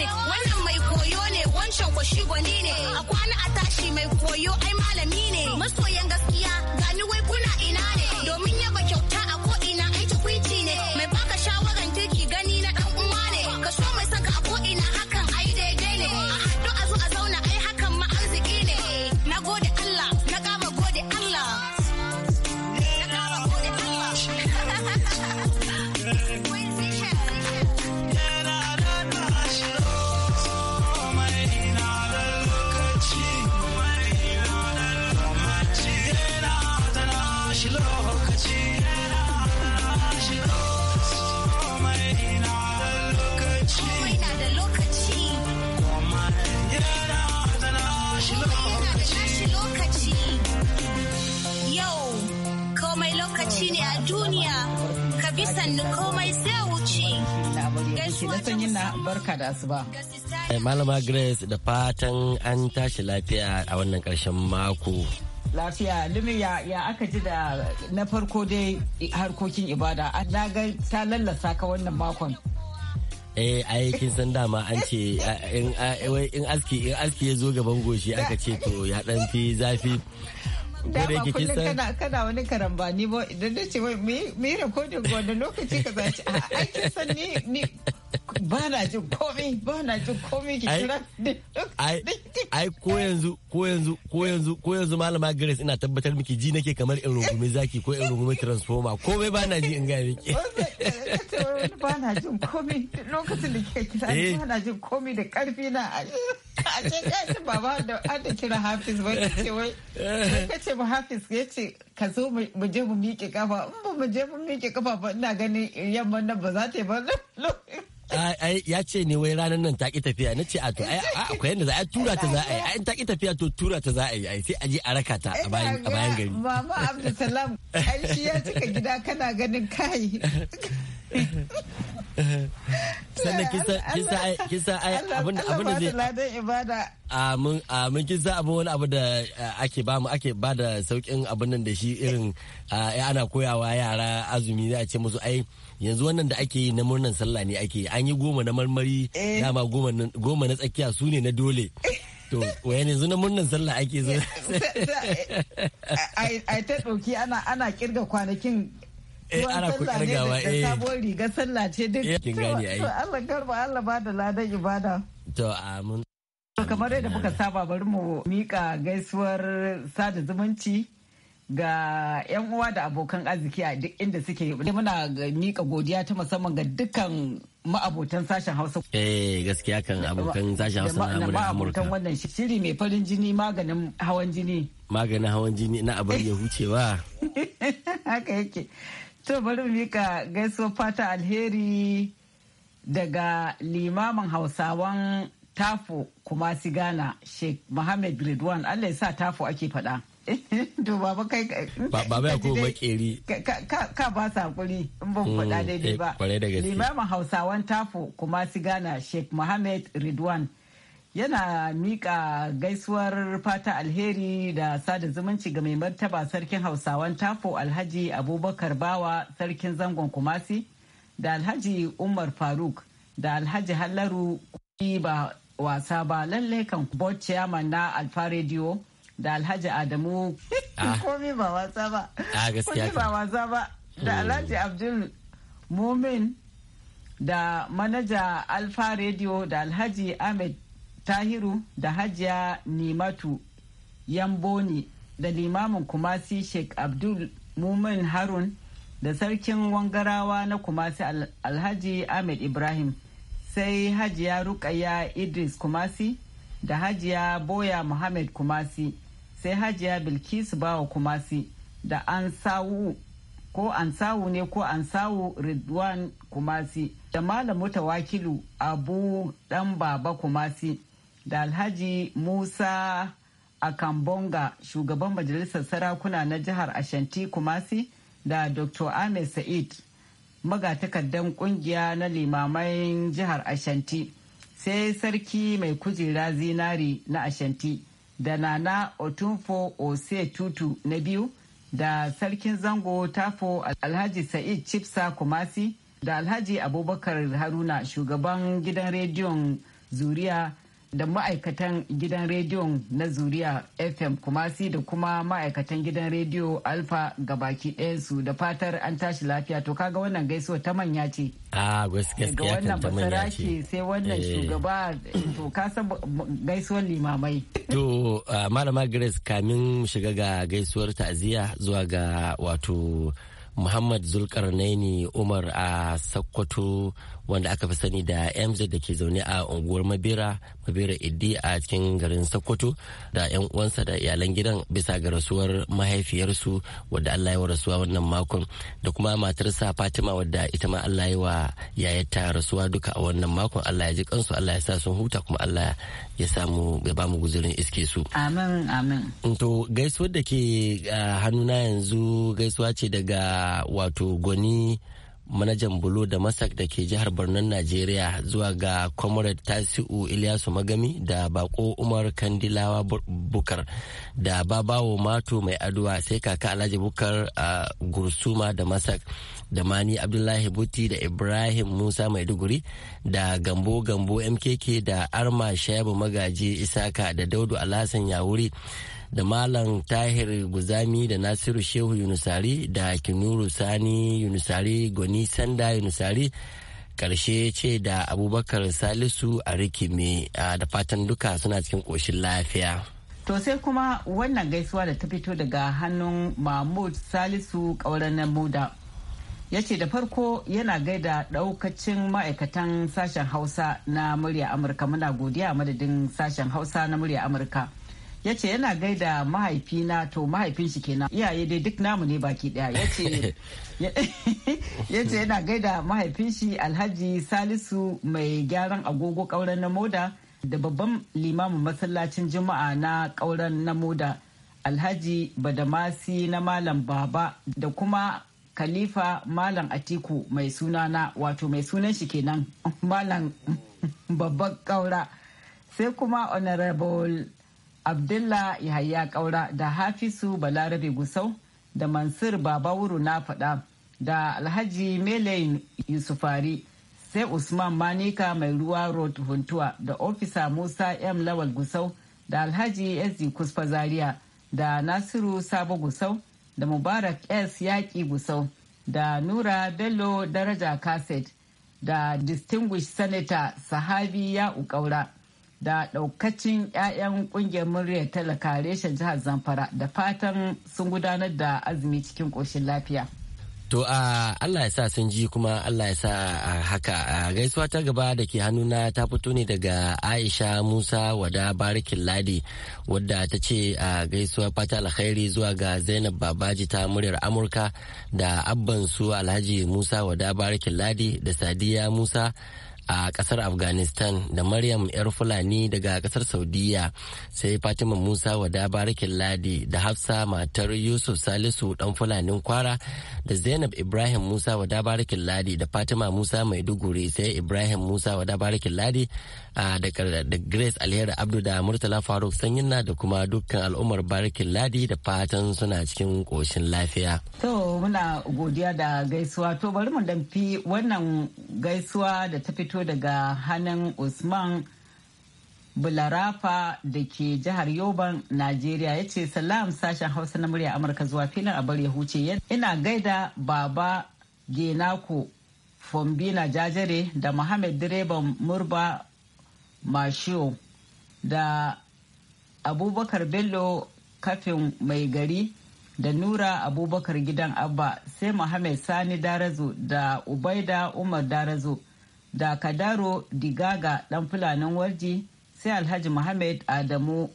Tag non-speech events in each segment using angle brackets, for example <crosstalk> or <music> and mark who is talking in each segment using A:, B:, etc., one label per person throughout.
A: ne wannan mai koyo ne wancan kwashi gwani ne akwai rabi sannu komai sai wuce. Gaisuwa
B: ta Barka da asuba.
C: Eh, Malama Grace da fatan an tashi lafiya a wannan karshen mako.
B: lafiya lumi ya, aka ji da na farko dai harkokin ibada na ga ta lallasa ka wannan makon
C: eh san dama an ce in aski ya zo gaban goshi aka ce to ya ɗan fi zafi Dama kullum yake kisa kana
B: kana wani karambani ba idan da ce wai me recording wanda lokaci ka zaci a aikin san ni ni ba na jin komai ba na jin komai ki kira
C: ai ai ko yanzu ko yanzu ko yanzu ko yanzu malama Grace ina tabbatar miki ji nake kamar in rungume zaki ko in rungume transformer komai ba na ji in ga miki
B: eh, ba na jin komai lokacin da kika kira eh. ba na jin komai da karfi na a ce kai baba da an kira Hafiz wai ce wai eh. ce mu hafiz ya ce ka zo mu je mu miƙe kafa in ba mu je mu miƙe kafa ba ina ganin yamma nan ba za ta yi ba
C: ya ce ne wai ranar nan ta ki tafiya na ce a to <laughs> akwai yadda za a tura ta za a yi ayin ta ki tafiya to tura ta za a yi sai a je a raka ta a bayan gari
B: mama abdulsalam ai shi ya cika gida kana ganin kai <laughs>
C: sannan kisa ai abin da zai a mun kisa abin wani abu da eh, ake ba mu ake ba da saukin abin nan da shi irin ya <laughs> ah, eh, ana koyawa yara azumi za a ce musu ai yanzu wannan da ake yi na murnan sallah ne ake an yi goma na marmari eh. dama goma na tsakiya su ne na dole to wayan yanzu na murnan sallah ake zo
B: <laughs> ai ta ɗauki ana ana kirga kwanakin eh ana kokarin gawa eh sabon riga sallah ce duk kin gane ai to Allah karba Allah ba da ladan ibada
C: to amin
B: kamar yadda muka saba bari mu mika gaisuwar sada zumunci ga 'yan uwa da abokan arziki a duk inda suke muna mika godiya ta musamman ga dukkan ma'abotan sashen hausa
C: eh gaskiya kan abokan sashen hausa na amurka ma'abotan
B: wannan shiri mai farin jini maganin hawan jini
C: maganin hawan jini na abar ya hucewa
B: <laughs> haka yake To bari mu mika gaisuwar fata alheri daga limamin hausawan tafo kuma si Ghana Sheikh Muhammad Ridwan Allah ya sa tafo ake faɗa. <laughs> to baba kai baba ba ko makeri ka ka ba sa hakuri in ban faɗa mm, daidai eh, ba limamin hausawan tafo kuma si Ghana Sheikh Muhammad Ridwan yana mika gaisuwar fata alheri da sada zumunci ga mai martaba sarkin hausawan tafo alhaji abubakar bawa sarkin zangon kumasi da alhaji umar faruk da alhaji hallaru ba wasa ba lallai kan board chairman na alfa radio da alhaji adamu ah. <laughs> komi ba wasa ba ah, ba wasa ba da hmm. alhaji abdul mumin da manaja alfa radio da alhaji ahmed tahiru da hajiya nimatu yamboni da limamin kumasi sheikh abdul mumin harun da sarkin wangarawa na kumasi alhaji ahmed ibrahim sai hajiya rukaya idris kumasi da hajiya boya muhammad kumasi sai hajiya bilkisu bawa kumasi da an ko an ne ko an sawu ridwan kumasi da malam mutawakilu abu dan baba kumasi da alhaji musa akambonga shugaban majalisar sarakuna na jihar ashanti kumasi da dr ahmed sa'id magatakardan kungiya na limamain jihar ashanti sai sarki mai kujera zinari na ashanti da nana otunfo ose tutu na biyu da sarkin zango tafo alhaji sa'id chipsa kumasi da alhaji abubakar haruna shugaban gidan rediyon zuriya da ma'aikatan gidan rediyon na zuriya fm kumasi da kuma ma'aikatan gidan rediyo alfa baki ɗayansu da fatar an tashi lafiya to kaga wannan gaisuwa ta manya ce
C: a ah, ga wannan basara ce
B: sai wannan eh. shugaba to gaisuwar limamai
C: <laughs> to ah, malama grace kamin shiga ga gaisuwar ta'aziyya zuwa ga wato Muhammad Zulkarnaini Umar a Sokoto wanda aka fi sani da mz da ke zaune a unguwar mabera mabera iddi a cikin garin sokoto da yan uwansa da iyalan gidan bisa ga rasuwar mahaifiyarsu wadda allah ya rasuwa wannan makon da kuma matarsa fatima wadda ita ma allah ya yayata rasuwa duka a wannan makon allah ya ji kansu allah ya sa sun huta kuma allah ya samu ya mu guzurin iske su amin amin to gaisuwar da ke ah, hannuna yanzu gaisuwa ce daga wato goni. manajan bulo da masak da ke jihar Birnin Najeriya zuwa ga Comrade Tasi'u Ilyasu Magami da Bako Umar Kandilawa Bukar da Babawo Mato Mai Aduwa sai kaka Alhaji Bukar a Gursuma da Masak da Mani Abdullahi Buti da Ibrahim Musa Maiduguri da Gambo Gambo MKK da Arma Shayabu Magaji Isaka da Daudu Alhassan Yawuri da malam tahir guzami da nasiru shehu yunusari da kinuru sani yunusari goni sanda yunusari karshe ce da abubakar salisu a rikime da fatan duka suna cikin koshin lafiya
B: to sai kuma wannan gaisuwa da ta fito daga hannun mahmud salisu kauran na muda ya ce da farko yana gaida daukacin ma'aikatan sashen hausa na murya amurka muna godiya madadin sashen hausa na murya amurka ya ce yana gaida mahaifina to mahaifin shi kenan iyaye dai duk namu ne baki daya <laughs> ya <laughs> ce yana gaida mahaifin shi alhaji salisu mai gyaran agogo kauran na moda da babban limamin masallacin juma'a na kauran na moda alhaji badamasi na malam baba da kuma khalifa malam atiku mai sunana wato mai sunan shi kenan <laughs> malam babban kaura sai kuma honorable abdullah yahaya kaura da hafisu balarabe gusau da mansur babawuru na faɗa da alhaji mele yusufari sai usman manika mai ruwa road huntuwa da ofisa musa m lawal gusau da alhaji S. kuspa zaria da nasiru sabo gusau da mubarak s yaƙi gusau da nura bello daraja kaset da distinguished senator sahabi Ya'u Kaura. da daukacin 'ya'yan kungiyar murya talaka reshen jihar zamfara da fatan sun gudanar da azumi cikin ƙoshin lafiya
C: to a allah ya sa sun ji kuma allah ya sa haka gaisuwa ta gaba da ke hannu na ta fito ne daga aisha musa wada barikin ladi wadda ta ce a gaisuwa fata alkhairi zuwa ga zainab babaji ta muryar amurka da abban su alhaji musa wada barikin ladi da sadiya musa a kasar afghanistan da maryam yar fulani daga kasar saudiya sai fatima musa wada barakin ladi da hafsa matar yusuf salisu dan fulanin kwara da zainab ibrahim musa wada barakin ladi da fatima musa maiduguri sai ibrahim musa wada barakin ladi da grace alheri abdu da murtala faruk sanyina da kuma dukkan al'ummar barakin ladi da fatan suna cikin koshin lafiya
B: to muna godiya da gaisuwa to bari mu damfi wannan gaisuwa da ta fito fito daga hannun Usman Bularafa da ke jihar Yoban, Najeriya ya ce salam sashen Hausa na murya Amurka zuwa filin a bari ya huce. Ina gaida baba Genako Fombina Jajare da Muhammad Direban Murba Mashio da Abubakar Bello kafin mai gari da Nura Abubakar gidan Abba sai Muhammad Sani darazu da Ubaida Umar darazu. da kadaro digaga dan fulanin warji sai alhaji muhammad adamu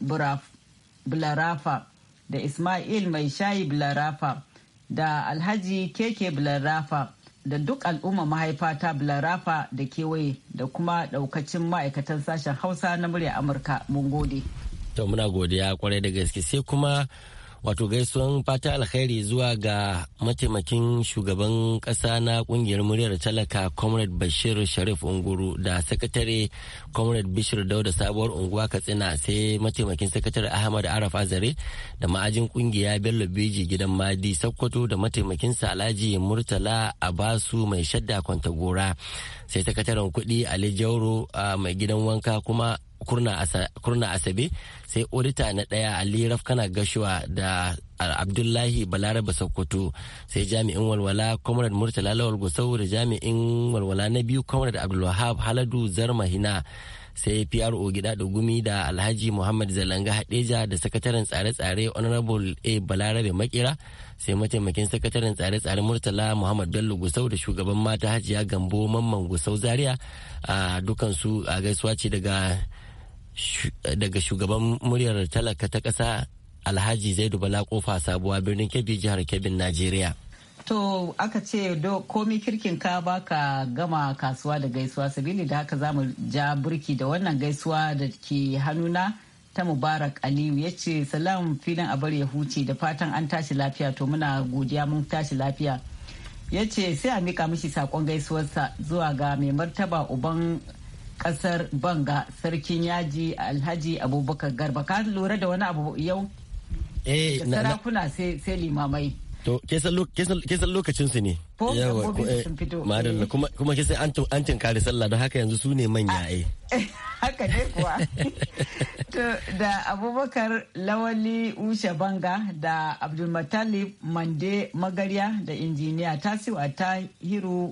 B: bularafa da ismail mai shayi bularafa da alhaji keke bularafa da duk al'umma mahaifa ta bularafa da kewaye da kuma daukacin ma'aikatan sashen hausa na murya amurka mun gode.
C: to muna godiya kwarai da gaske sai kuma wato gaisuwan fata alkhairi zuwa ga mataimakin shugaban kasa na kungiyar muryar talaka comrade bashir sharif unguru da sakatare comrade bishir dauda sabuwar unguwa katsina sai mataimakin sakatare ahmad araf azare da ma'ajin kungiya bello Biji gidan madi sokoto da mataimakin salaji murtala abasu mai shadda gora sai sakataren kuɗi ali jauro mai gidan wanka kuma kurna asabe sai odita na ɗaya ali rafkana gashuwa da abdullahi balaraba sokoto sai jami'in walwala comrade murtala lawal gusau da jami'in walwala na biyu comrade abdulwahab haladu zarmahina sai PRO gida da gumi da Alhaji Muhammad Zalanga Hadeja da sakataren tsare-tsare Honorable A Balarabe Makira sai mataimakin sakataren tsare-tsare Murtala Muhammad Bello Gusau da shugaban mata Hajiya Gambo Mamman Gusau Zaria a dukansu a gaisuwa ce daga daga shugaban muryar talaka ta ƙasa alhaji zaidu bala kofa sabuwa birnin kebbi jihar kebbin najeriya
B: to aka ce komi kirkin ka baka gama kasuwa da gaisuwa sabili da haka zamu ja burki da wannan gaisuwa da ke hannuna ta mubarak aliyu ya ce salam filin abar ya huce da fatan an tashi lafiya to muna godiya mun tashi lafiya ya ce sai a mika mishi sakon gaisuwarsa zuwa ga mai martaba uban kasar banga sarkin yaji alhaji abubakar garba ka lura da wani abu yau eh sarakuna sai limamai
C: to san lokacin su eh, ne yawa madalla kuma kesan an kare sallah don haka yanzu su ne manya eh <laughs>
B: haka ne kuwa <laughs> to da abubakar lawali usha banga da abdulmatalib mande magarya da injiniya tasiwa ta hiru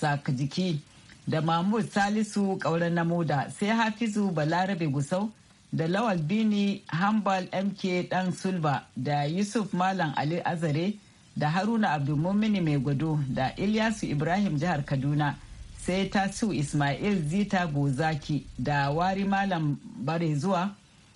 B: sakajiki da mahmud salisu ƙauren namoda sai hafizu balarabe gusau da lawal bini hambal mk dan sulba da yusuf malam ali azare da haruna abdulmumini mai gwado da ilyasu ibrahim jihar kaduna sai tasu ismail zita gozaki da wari malam bare zuwa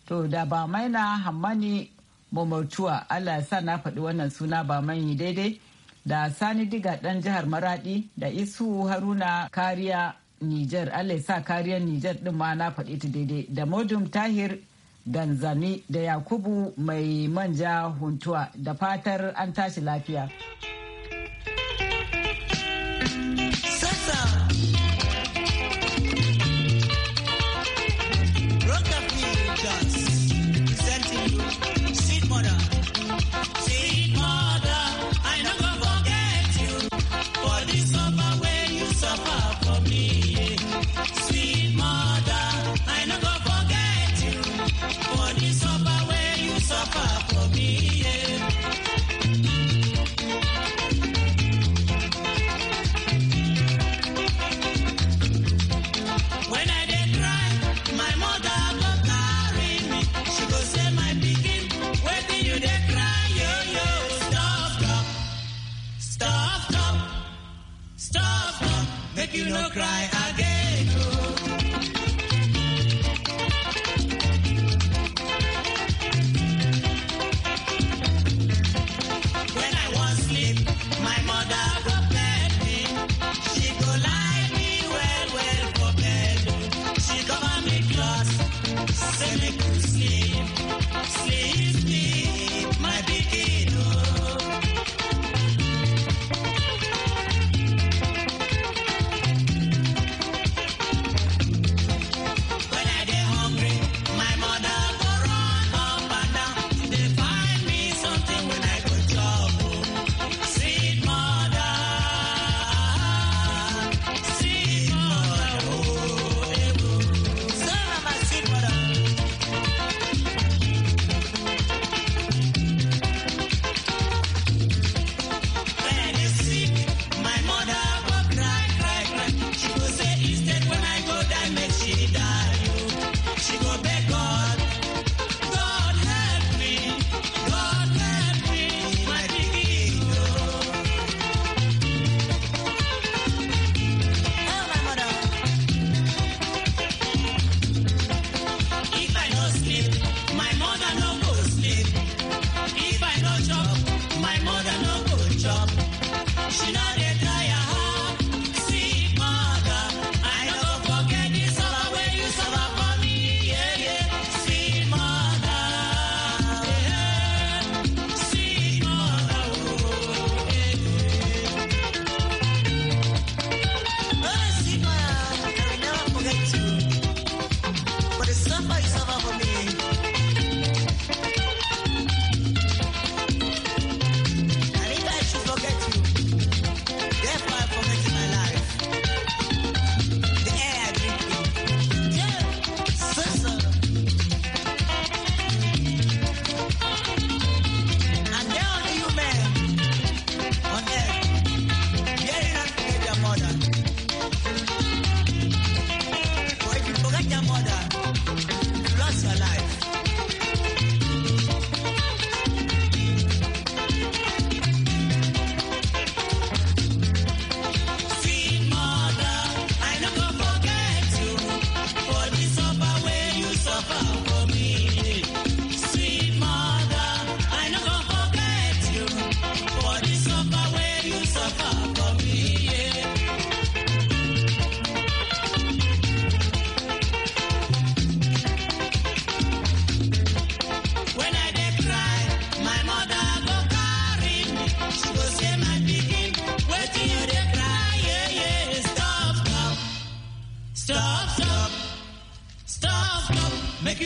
B: to da ba maina hammani mamartuwa allah ya sa na faɗi wannan suna ba manyi daidai da Sani Diga dan jihar Maradi da Isu Haruna Kariya Nijar, Allah sa kariyar Nijar ɗin ma na faɗi ta daidai da Modum Tahir Ganzani da Yakubu mai manja huntuwa da fatar an tashi lafiya.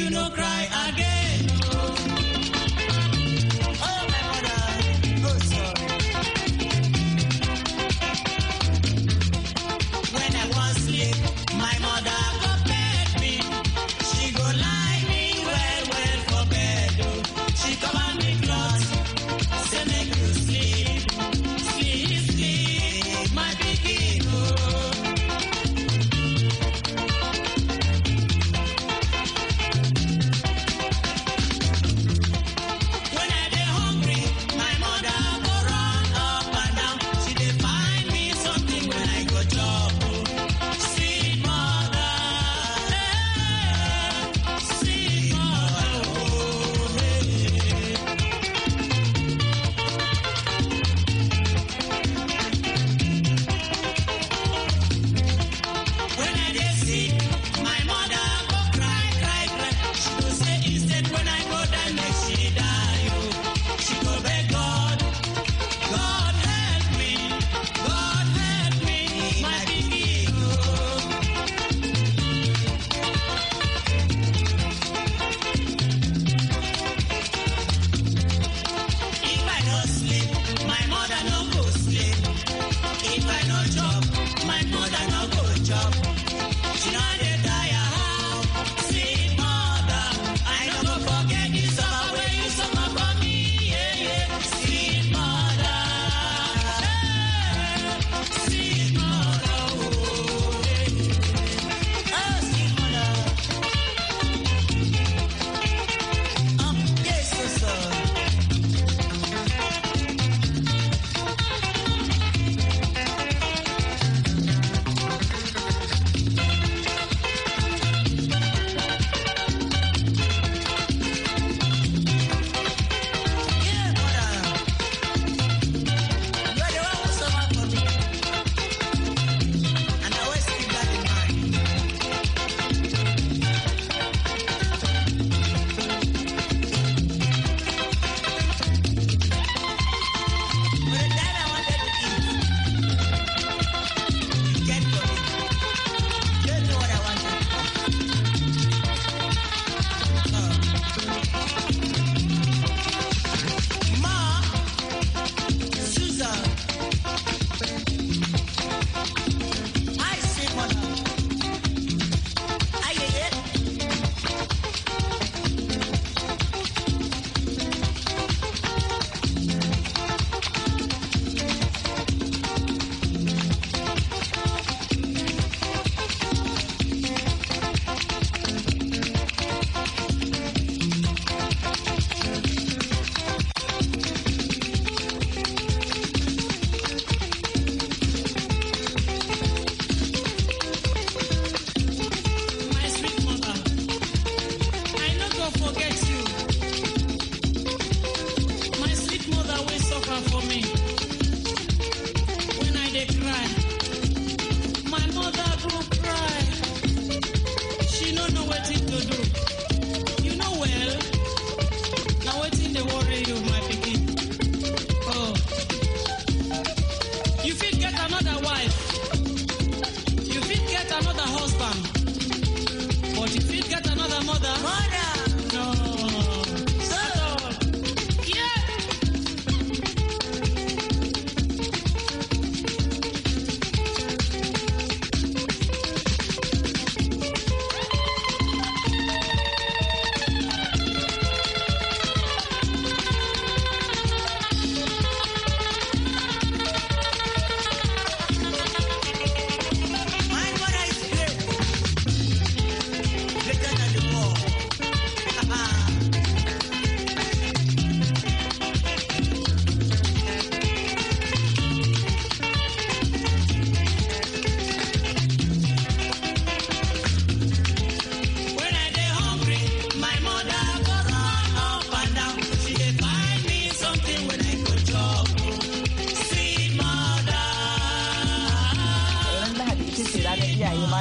D: you no cry again.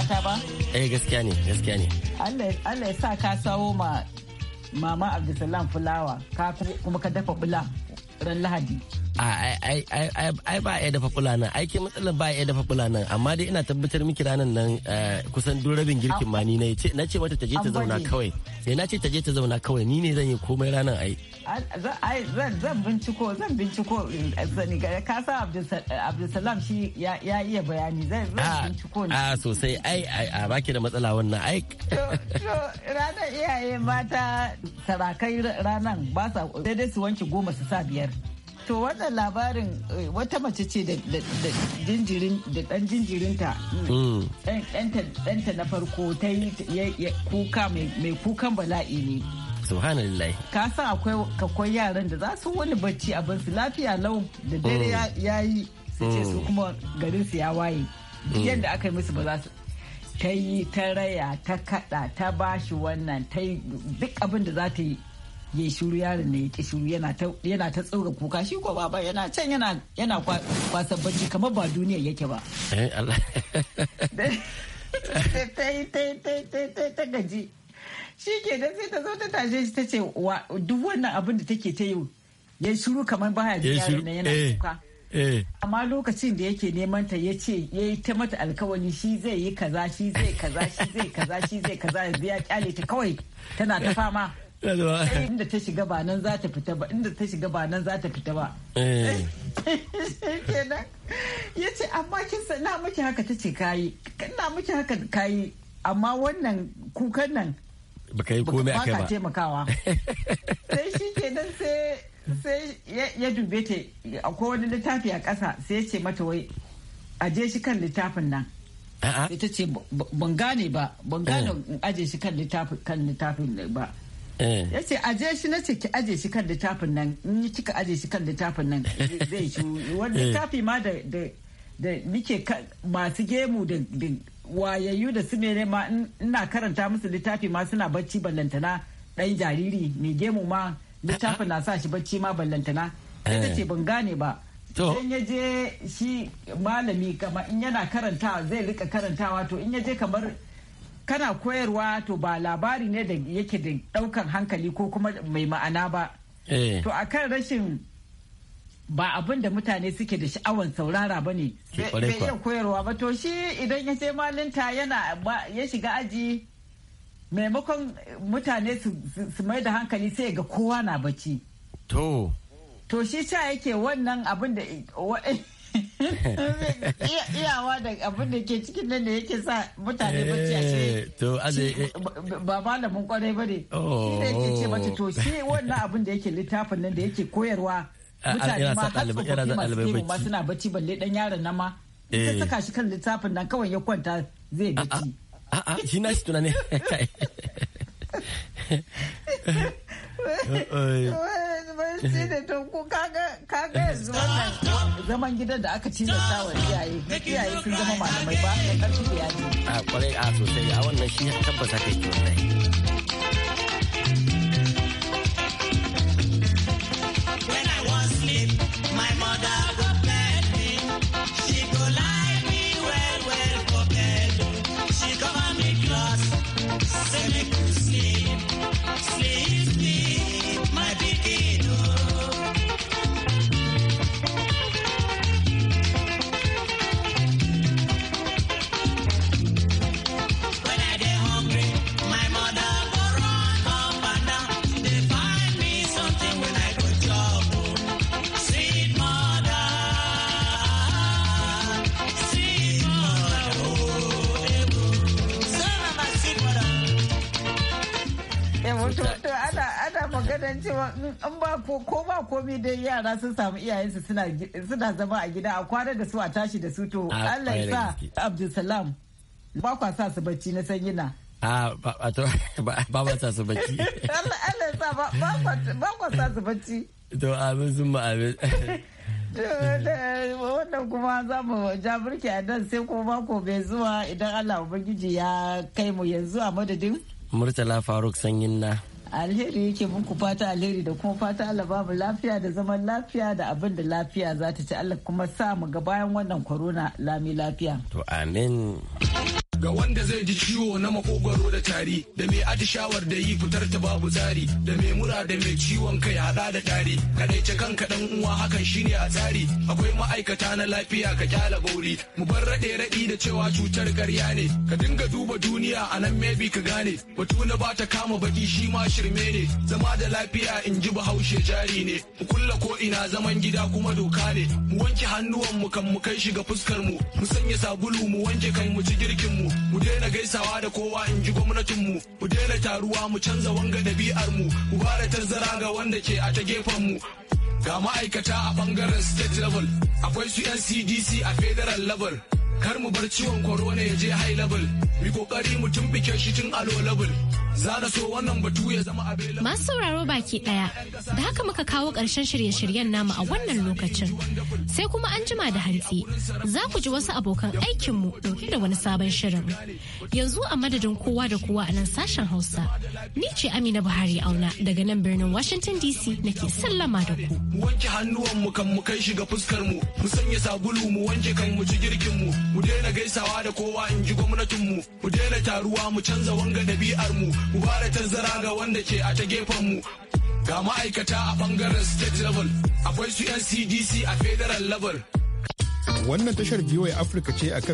C: mata ba? Eh gaskiya ne, gaskiya ne.
B: Allah ya sa ka sawo ma Mama Abdulsalam fulawa, kuma ka dafa bula ran Lahadi.
C: ai ba ya dafa fulanan aikin matsalar ba ya dafa fulanan amma dai ina tabbatar miki ranar nan eh, kusan duk rabin girkin ma ni na ce na ce mata ta je ta zauna kawai eh na ce ta je ta zauna kawai ni ne zan yi komai ranar ai
B: zan binciko zan binciko eh, ka sa eh, Abdulsalam shi ya iya bayani zan ah,
C: binciko ne a ah, sosai ai a baki da matsala wannan ai
B: ranar iyaye mata sarakai ranar ba sa sai dai su wanke goma su sa biyar To wannan labarin eh, wata mace ce da jinjirin da dan jinjirinta hmm. ɗanta na farko ta yi kuka mai kukan bala'i ne.
C: Subhanallah.
B: Ka san akwai kakwai yaran da za su wani bacci abin su lafiya lau da dare ya hmm. yi su ce su hmm. kuma garin su ya waye. Yadda aka yi musu ba za su ta yi ta raya ta kaɗa ta bashi wannan ta yi duk abin da za ta yi yayi shiru yaron ne ya ki shuru yana ta tsaura kuka shi ko baba yana can yana yana kwasan bacci kamar ba duniya yake ba eh, <laughs> ta gaji shi ke da sai ta zo ta tashe shi ta ce duk wannan abin da take ta yi ya shiru kamar baya da yaron ne yana eh, kuka eh. amma lokacin da yake neman ta ya ce ya yi ta mata alkawari shi zai yi kaza shi zai kaza shi zai kaza shi zai kaza ya kyale ta kawai tana ta fama inda ta shiga ba nan za ta fita ba inda ta shiga ba nan za ta fita ba eh. kenan ya ce amma kin na miki haka ta ce kayi na miki haka kayi amma wannan kukan nan
C: yi komai ba ka
B: taimakawa sai shi kenan sai sai ya dube ta akwai wani littafi a ƙasa sai ya ce mata wai aje shi kan littafin nan sai ta ce ban gane ba ban gane eh. aje shi kan littafin ba Eh. ya ce aje shi na ce ki aje shi kan littafin nan in kika aje shi kan littafin nan zai <laughs> shi wani eh. tafi ma da da nike masu gemu da wayayyu da su ne ma ina karanta musu littafi ma suna bacci ballantana dan jariri mai gemu ma littafin na sa shi bacci ma ballantana sai ce eh. ban gane ba in ya je shi malami kama in yana karanta zai rika karantawa to in ya je kamar kana koyarwa to ba labari ne da yake da daukan hankali ko kuma mai ma'ana ba eh. to a kan rashin ba abin da mutane suke da sha'awan saurara ba ne bai iya koyarwa ba to shi idan ya sai malinta yana ya shiga aji maimakon mutane su mai da hankali sai ga kowa na bacci to to shi sa yake wannan abin da <laughs> iyawa da abin da ke cikin nan da yake sa mutane
C: bacci a ce eh, to aje eh.
B: ba malamin kwarai ba ne oh. shi da yake ce mace to shi wannan abin da yake littafin nan da yake koyarwa mutane ma har tsofaffi masu kemu ma suna bacci balle dan yaron nan ma ita eh. saka shi kan littafin nan kawai ya kwanta zai bacci a'a shi na shi tunani. <laughs> <laughs> sai da to ko kaga kaga yanzu wannan zaman gidan da aka tilasta wa iyaye iyaye sun
C: zama malamai ba da karfi da yaji a kwarai a sosai a wannan shi tabbata kai ki wannan
B: ko ba komai dai yara sun samu iyayensu suna zama a gida a kwana da su a tashi da su to Allah ya sa Abdulsalam ba kwa sa su bacci na san yana.
C: A ba <laughs> ba sa su bacci.
B: <laughs> Allah ya sa ba kwa sa su bacci.
C: To abin sun ma
B: wannan kuma za mu ja burki a nan sai ba mako bai zuwa idan Allah Ubangiji ya kai mu yanzu a madadin.
C: Murtala Faruk Sanyin na.
B: alheri yake muku fata alheri da kuma fata Allah babu lafiya da zaman lafiya da abin da lafiya za ta ci Allah kuma sa mu ga bayan wannan corona lami lafiya.
E: To amin. Ga wanda zai ji ciwo na makogwaro da tari, da mai atishawar da yi fitar ta babu tsari, da mai mura da mai ciwon kai hada da tari, kadaice kanka dan uwa hakan shine a tsari, akwai ma'aikata na lafiya ka kyala bauri, mu bar raɗe raɗi da cewa cutar ƙarya ne, ka dinga duba duniya a nan mebi ka gane, batu na ba ta kama baki shi ma shirme ne, zama da lafiya in ji bahaushe jari ne, mu kulla ko ina zaman gida kuma doka ne, mu wanke hannuwan mu kan mu kai ga fuskar mu, mu sanya sabulu mu wanke kan mu ci girkin mu mu daina gaisawa da kowa in ji gwamnatin mu mu daina taruwa mu canza wanga ɗabi'ar mu mu fara tarzara ga wanda ke a ta gefen mu ga ma'aikata a bangaren state level akwai su yan cdc a federal level kar mu bar ciwon corona ya je high level mu kokari mu tumbike shi tun a low level za da so wannan batu ya zama available masu
A: sauraro baki daya da haka muka kawo karshen shirye-shiryen namu a wannan lokacin sai kuma an jima da hantsi za ku ji wasu abokan aikin mu dauke da wani sabon shirin yanzu a madadin kowa da kowa a nan sashen Hausa ni ce Amina Buhari Auna daga nan birnin Washington DC nake sallama da ku
E: wanke hannuwan mu kan mu kai shiga fuskar mu mu sanya sabulu mu wanke kan mu ci girkin mu mu daina gaisawa da kowa in ji gwamnatinmu mu daina taruwa mu canza wanga ɗabi'armu mu mu ba da tazara ga wanda ke a ta gefen mu ga ma'aikata a bangaren state level akwai su yan cdc a federal level
C: wannan tashar biyoyi afirka ce a